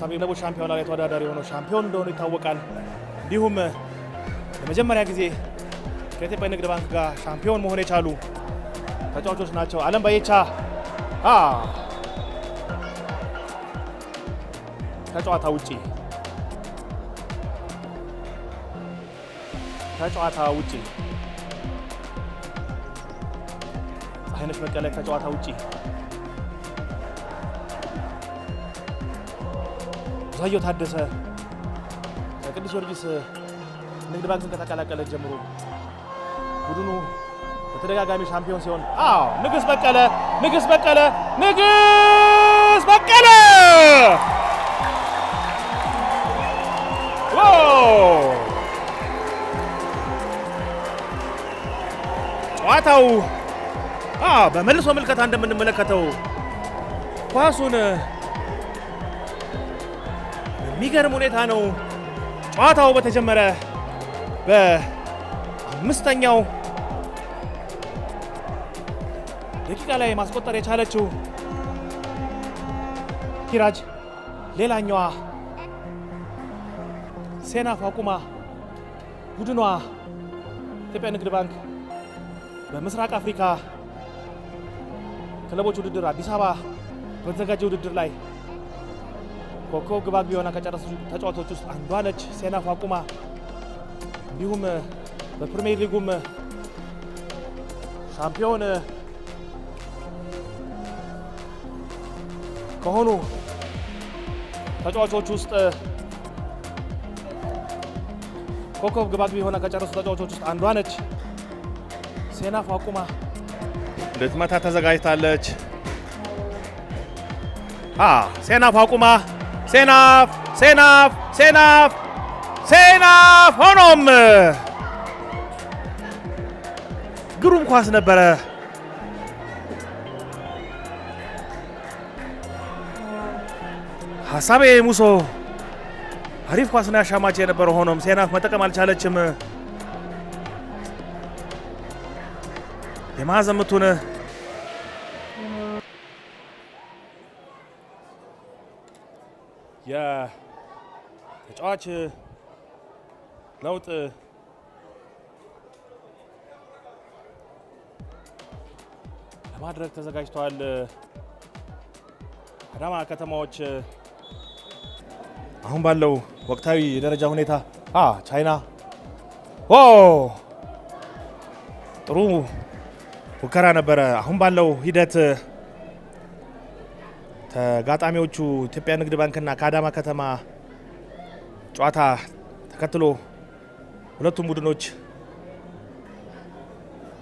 ሰሜን ክለቦች ሻምፒዮና ላይ ተወዳዳሪ የሆነው ሻምፒዮን እንደሆኑ ይታወቃል። እንዲሁም ለመጀመሪያ ጊዜ ከኢትዮጵያ ንግድ ባንክ ጋር ሻምፒዮን መሆን የቻሉ ተጫዋቾች ናቸው። አለም ባየቻ ከጨዋታ ውጪ ከጨዋታ ውጪ አይነሽ መቀለ ከጨዋታ ውጪ ብዙአየሁ ታደሰ ቅዱስ ጊዮርጊስ ንግድ ባንክን ከተቀላቀለ ጀምሮ ቡድኑ በተደጋጋሚ ሻምፒዮን ሲሆን፣ አዎ ንግስ በቀለ ንግስ በቀለ ንግስ በቀለ ጨዋታው በመልሶ ምልከታ እንደምንመለከተው ኳሱን በሚገርም ሁኔታ ነው ጨዋታው በተጀመረ በአምስተኛው ደቂቃ ላይ ማስቆጠር የቻለችው ኪራጅ ሌላኛዋ ሴና ፋቁማ ቡድኗ ኢትዮጵያ ንግድ ባንክ በምስራቅ አፍሪካ ክለቦች ውድድር አዲስ አበባ በተዘጋጀ ውድድር ላይ ኮከብ ግባት ቢሆና ከጨረሱ ተጫዋቾች ውስጥ አንዷ ነች። ሴና ፋቁማ። እንዲሁም በፕሪሚየር ሊጉም ሻምፒዮን ከሆኑ ተጫዋቾች ውስጥ ኮከብ ግብ አግቢ ሆና ከጨረሱ ተጫዋቾች ውስጥ አንዷ ነች። ሴናፍ አቁማ ልትመታ ተዘጋጅታለች። ሴና ፋቁማ ሴናፍ ሴናፍ ሴናፍ ሴናፍ። ሆኖም ግሩም ኳስ ነበረ። ሀሳቤ ሙሶ አሪፍ ኳስ ነው ያሻማች የነበረ። ሆኖም ሴናፍ መጠቀም አልቻለችም የማዘምቱን የተጫዋች ለውጥ ለማድረግ ተዘጋጅተዋል። አዳማ ከተማዎች አሁን ባለው ወቅታዊ የደረጃ ሁኔታ ቻይና ጥሩ ሙከራ ነበረ። አሁን ባለው ሂደት ተጋጣሚዎቹ ኢትዮጵያ ንግድ ባንክና ከአዳማ ከተማ ጨዋታ ተከትሎ ሁለቱም ቡድኖች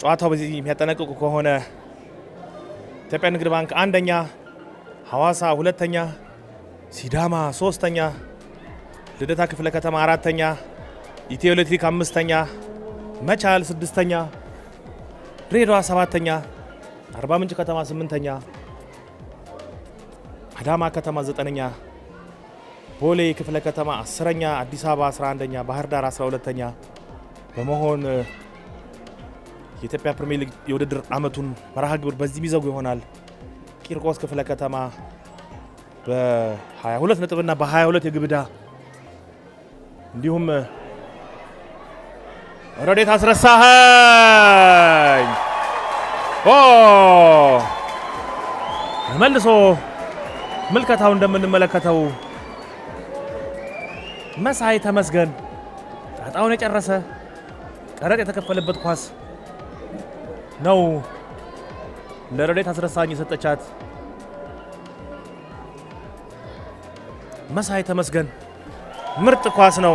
ጨዋታው በዚህ የሚያጠናቅቁ ከሆነ ኢትዮጵያ ንግድ ባንክ አንደኛ፣ ሐዋሳ ሁለተኛ፣ ሲዳማ ሶስተኛ፣ ልደታ ክፍለ ከተማ አራተኛ፣ ኢትዮ ኤሌክትሪክ አምስተኛ፣ መቻል ስድስተኛ፣ ድሬዳዋ ሰባተኛ፣ አርባ ምንጭ ከተማ ስምንተኛ አዳማ ከተማ ዘጠነኛ ቦሌ ክፍለ ከተማ አስረኛ አዲስ አበባ 11ኛ ባህር ዳር 12ኛ በመሆን የኢትዮጵያ ፕሪሚየር ሊግ የውድድር አመቱን መርሃ ግብር በዚህ የሚዘጉ ይሆናል። ቂርቆስ ክፍለ ከተማ በ22 ነጥብና በ22 የግብዳ እንዲሁም ረዴት አስረሳኸኝ መልሶ ምልከታው እንደምንመለከተው መሳይ ተመስገን ጣጣውን የጨረሰ ቀረጥ የተከፈለበት ኳስ ነው ለረዴት አስረሳኝ የሰጠቻት። መሳይ ተመስገን ምርጥ ኳስ ነው።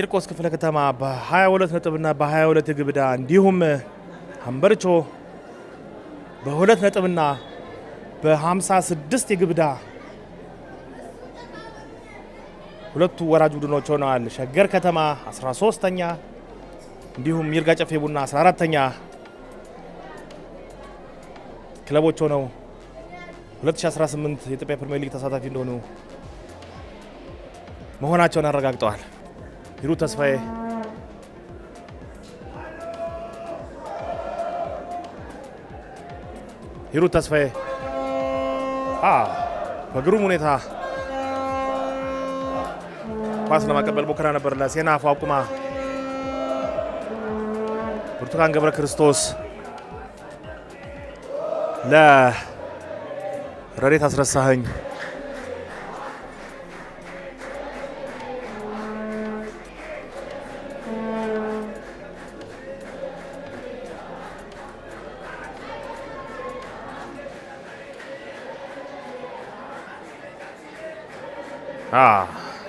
ቂርቆስ ክፍለ ከተማ በ22 ነጥብና በ22 ግብዳ እንዲሁም ሀምበርቾ በሁለት ነጥብና በ56 የግብዳ ሁለቱ ወራጅ ቡድኖች ሆነዋል። ሸገር ከተማ 13ተኛ እንዲሁም ይርጋ ጨፌ ቡና 14ተኛ ክለቦች ሆነው 2018 የኢትዮጵያ ፕሪሚየር ሊግ ተሳታፊ እንደሆኑ መሆናቸውን አረጋግጠዋል። ሂሩት ተስፋዬ ሂሩት ተስፋዬ በግሩም ሁኔታ ኳስ ለማቀበል ሞክራ ነበር። ለሴና አፏቁማ ብርቱካን ገብረ ክርስቶስ ለረዴት አስረሳኸኝ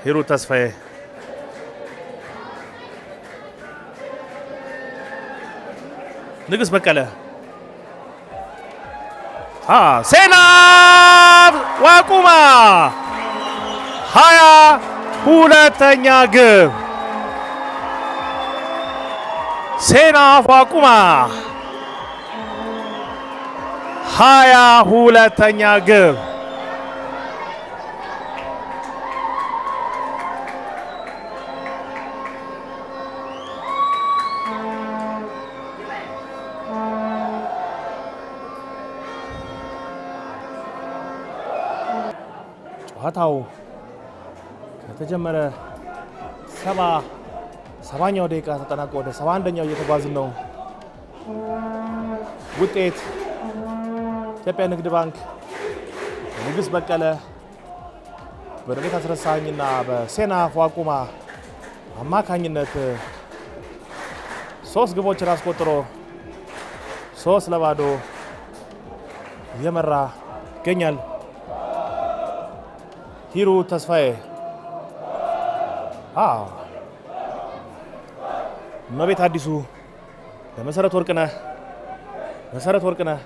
ሂሩት ተስፋዬ ንግሥት በቀለ ሴና ዋቁማ ሀያ ሁለተኛ ግብ ሴና ዋቁማ ሀያ ሁለተኛ ግብ ጨዋታው ከተጀመረ ሰባ ሰባኛው ደቂቃ ተጠናቆ ወደ ሰባ አንደኛው እየተጓዝን ነው። ውጤት ኢትዮጵያ ንግድ ባንክ ንግስ በቀለ በረዴት አስረሳኝና በሴና ፏቁማ አማካኝነት ሶስት ግቦችን አስቆጥሮ ሶስት ለባዶ እየመራ ይገኛል። ሂሩ ተስፋዬ አዎ እመቤት አዲሱ በመሰረት ወርቅነህ መሰረት ወርቅነህ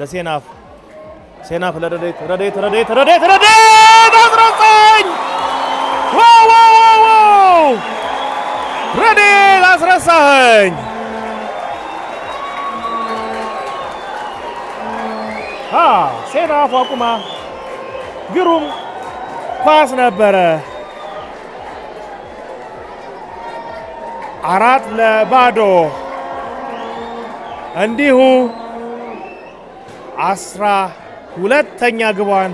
ለሴናፍ ሴናፍ ለረዴት ረዴት ረዴት ረዴት ረዴት አስረሳኝ ረዴት አስረሳኸኝ ሴት አፏ ቁማ ግሩም ኳስ ነበረ። አራት ለባዶ እንዲሁ አስራ ሁለተኛ ግቧን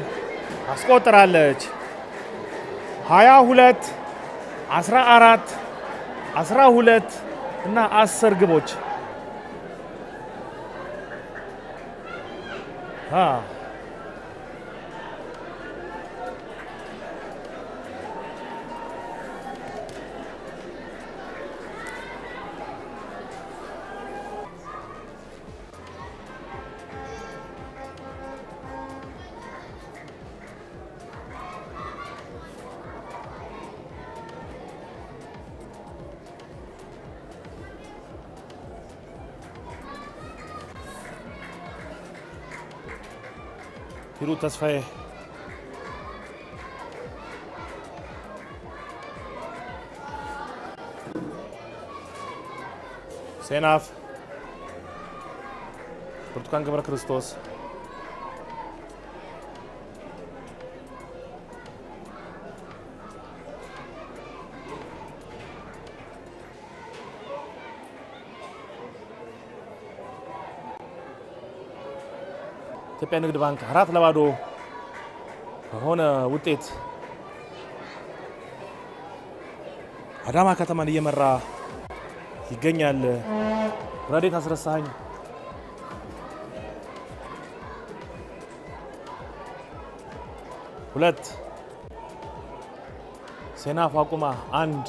አስቆጥራለች። 22 14 12 እና አስር ግቦች 啊。Piruta tá swoje. Senaf. Portugal para Cristos. ኢትዮጵያ ንግድ ባንክ አራት ለባዶ በሆነ ውጤት አዳማ ከተማን እየመራ ይገኛል። ረዴት አስረሳኝ ሁለት ሴና ፋቁማ አንድ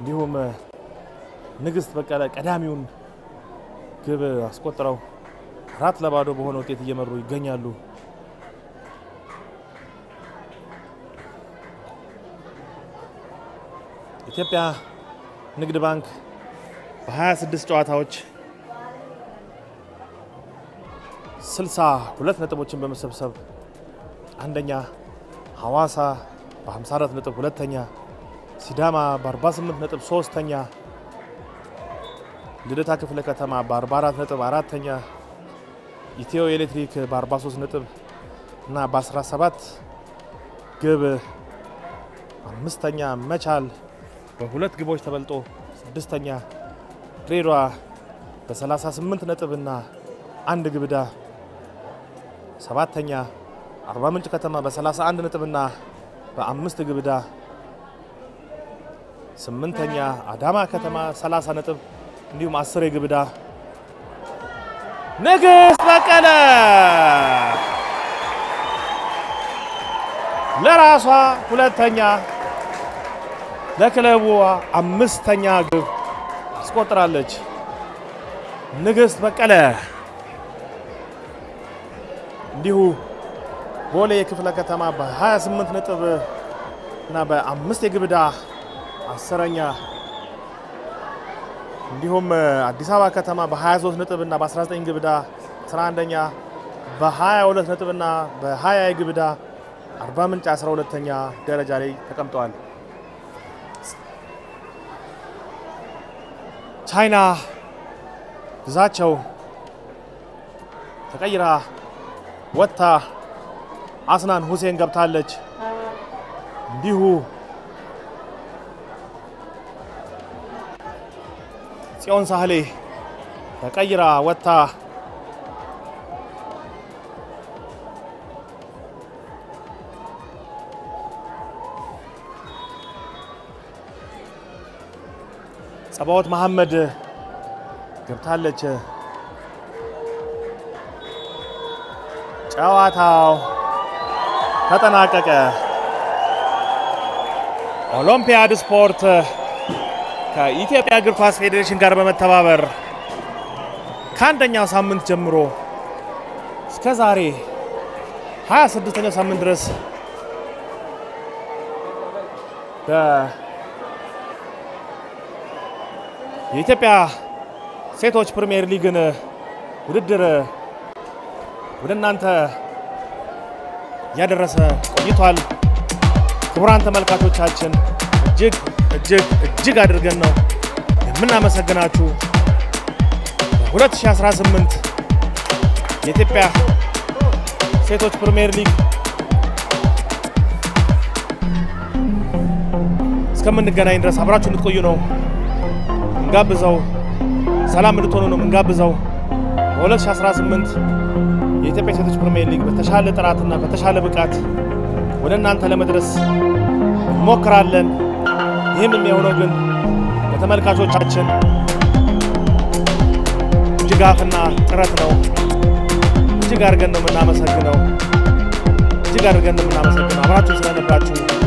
እንዲሁም ንግስት በቀለ ቀዳሚውን ግብ አስቆጥረው አራት ለባዶ በሆነ ውጤት እየመሩ ይገኛሉ። ኢትዮጵያ ንግድ ባንክ በ26 ጨዋታዎች 62 ነጥቦችን በመሰብሰብ አንደኛ፣ ሐዋሳ በ54 ነጥብ ሁለተኛ፣ ሲዳማ በ48 ነጥብ ሶስተኛ፣ ልደታ ክፍለ ከተማ በ44 ነጥብ አራተኛ ኢትዮ ኤሌክትሪክ በ43 ነጥብ እና በ17 ግብ አምስተኛ መቻል በሁለት ግቦች ተበልጦ ስድስተኛ ድሬዳዋ በ38 ነጥብና አንድ ግብዳ ሰባተኛ አርባ ምንጭ ከተማ በ31 ነጥብና በአምስት ግብዳ ስምንተኛ አዳማ ከተማ 30 ነጥብ እንዲሁም አስር የግብዳ ንግስት በቀለ ለራሷ ሁለተኛ ለክለቡዋ አምስተኛ ግብ አስቆጥራለች። ንግሥት በቀለ እንዲሁ ቦሌ የክፍለ ከተማ በ28 ነጥብ እና በአምስት የግብዳ አስረኛ እንዲሁም አዲስ አበባ ከተማ በ23 ነጥብና በ19 ግብዳ 11 አንደኛ በ22 ነጥብና በ20 ግብዳ አርባ ምንጭ 12ኛ ደረጃ ላይ ተቀምጠዋል። ቻይና ብዛቸው ተቀይራ ወጥታ አስናን ሁሴን ገብታለች እንዲሁ ጽዮን ሳህሌ ተቀይራ ወጥታ ጸባኦት መሐመድ ገብታለች። ጨዋታው ተጠናቀቀ። ኦሎምፒያድ ስፖርት ከኢትዮጵያ እግር ኳስ ፌዴሬሽን ጋር በመተባበር ከአንደኛው ሳምንት ጀምሮ እስከ ዛሬ 26ኛው ሳምንት ድረስ የኢትዮጵያ ሴቶች ፕሪሚየር ሊግን ውድድር ወደ እናንተ እያደረሰ ቆይቷል። ክቡራን ተመልካቾቻችን እጅግ እጅግ እጅግ አድርገን ነው የምናመሰግናችሁ። በ2018 የኢትዮጵያ ሴቶች ፕሪሚየር ሊግ እስከምንገናኝ ድረስ አብራችሁ እንድትቆዩ ነው እንጋብዘው። ሰላም እንድትሆኑ ነው እንጋብዘው። በ2018 የኢትዮጵያ ሴቶች ፕሪሚየር ሊግ በተሻለ ጥራትና በተሻለ ብቃት ወደ እናንተ ለመድረስ እንሞክራለን። ይህም የሚሆነው ግን ለተመልካቾቻችን ድጋፍና ጥረት ነው። እጅግ አድርገን ነው የምናመሰግነው። እጅግ አድርገን ነው የምናመሰግነው አብራችሁ ስለነበራችሁ